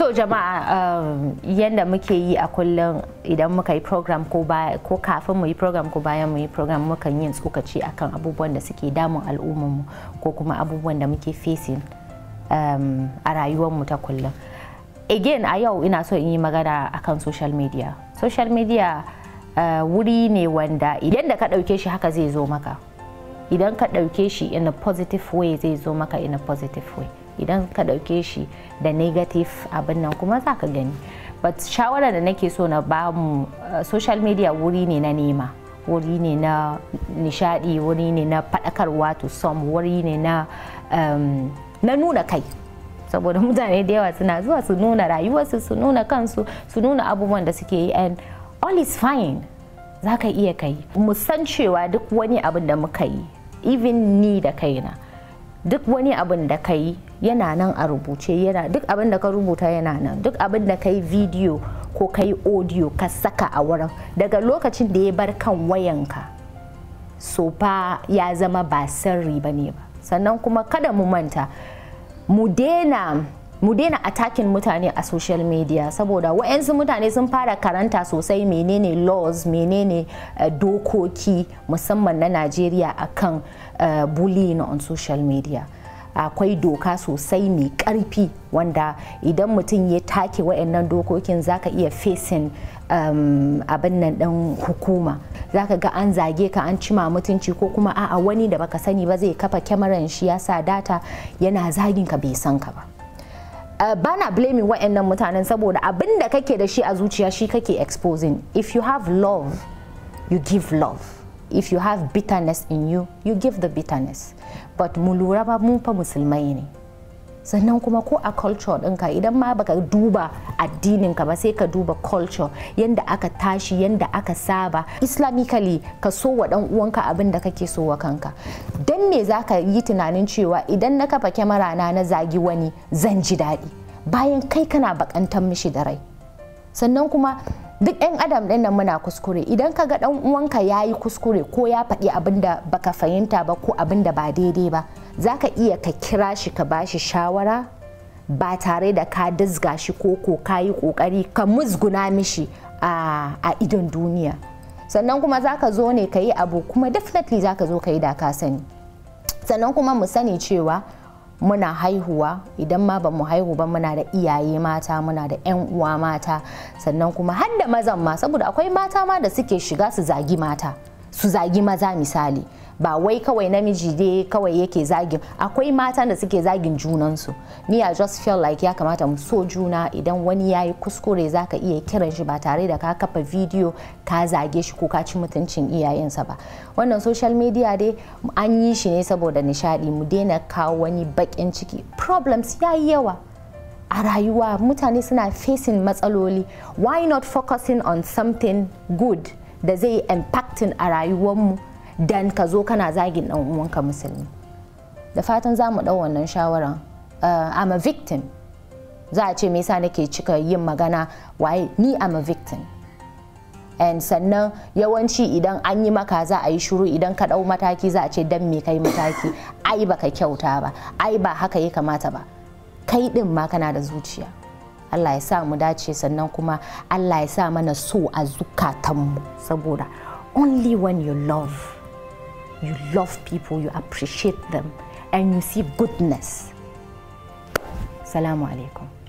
To jama'a um, yadda muke yi a kullum idan muka yi program ko kafin mu yi program ko bayan mu yi program mukan yin tsokaci akan abubuwan da suke damun mu ko kuma abubuwan da muke facing um, a rayuwarmu ta kullum. Again a yau ina so in yi magana akan social media. Social media uh, wuri ne wanda idan da ka ɗauke shi haka zai zo maka. Idan ka ɗauke shi in a positive way zai zo maka in a positive way. idan ka ɗauke shi da negative abin nan kuma za ka gani but shawara da nake so na ba mu eh, social media wuri ne na nema wuri ne na nishadi wuri ne na faɗakarwa to some wuri ne na ehm, na nuna kai saboda mutane da yawa suna zuwa su nuna rayuwarsu su nuna kansu su nuna abubuwan da suke yi and all is fine za ka iya kai mu san cewa duk wani abin da muka yi even ni da kaina duk wani abin da ka yi yana nan a rubuce yana duk abin da ka rubuta yana nan duk abin da ka yi video ko ka yi audio ka saka a wurin daga lokacin da ya bar kan wayanka so fa ya zama ba sirri ba ne ba sannan kuma kada mu manta mu daina mu daina atakin mutane a social media saboda wa'yansu mutane sun fara karanta sosai menene laws menene eh, dokoki musamman na najeriya akan eh, bullying on social media akwai doka sosai mai karfi wanda idan mutum ya take wayannan dokokin zaka iya facing um, abin nan ɗan hukuma zaka ga an zage ka an cima mutunci ko kuma a'a wani da baka sani ba zai kafa kyamaran shi ya sa data yana zagin ka bai san ka ba Uh, bana blaming waɗannan mutanen saboda abin da kake da shi a zuciya shi kake exposing if you have love you give love if you have bitterness in you you give the bitterness but mu lura ba mu fa musulmai ne sannan kuma ko a culture ɗinka idan ma baka duba addininka ba sai ka duba culture yanda aka tashi yanda aka saba islamically ka so wa ɗan uwanka abin da kake so wa kanka dan me za ka yi tunanin cewa idan na kafa kyamara na na zagi wani zan ji daɗi bayan kai kana bakantar mishi da rai sannan kuma duk 'yan adam ɗin nan muna kuskure idan ka ga ɗan uwanka ya yi kuskure ko ya faɗi abin da baka fahimta ba ko abin da ba daidai ba za ka iya ka kira shi ka bashi shawara ba tare da ka dizga shi ko ko ka yi ƙoƙari ka musguna mishi a idon duniya sannan kuma za ka zo ne ka yi abu kuma definitely za ka zo ka yi da ka sani sannan kuma mu sani cewa muna haihuwa idan ma ba mu haihu ba muna da iyaye mata muna da 'yan uwa mata sannan kuma har da mazan ma saboda akwai mata ma da suke shiga su zagi mata su zagi maza misali ba wai kawai namiji dai kawai yake zagin akwai mata da suke zagin junansu ni i just feel like ya kamata mu so juna idan wani ya yi kuskure za ka iya kiran shi ba tare da ka kafa bidiyo ka zage shi ko ka ci mutuncin iyayensa ba wannan social media dai an yi shi ne saboda nishadi mu daina kawo wani bakin ciki problems ya yi yawa a rayuwa mutane suna facing matsaloli why not focusing on something good da zai impacting a rayuwarmu dan ka zo kana zagin dan uwanka musulmi da fatan za mu ɗau wannan shawara uh, I'm a victim za a ce me yasa nake cika yin magana waye me I'm a victim and sannan yawanci idan an yi maka za a yi shuru idan ka dau mataki za a ce dan me kai mataki ai baka kyauta ba ai ba haka ya kamata ba kai din ma kana da zuciya Allah ya sa mu dace sannan kuma Allah ya sa mana so a zukatanmu saboda only when you love you love people you appreciate them and you see goodness salamu alaikum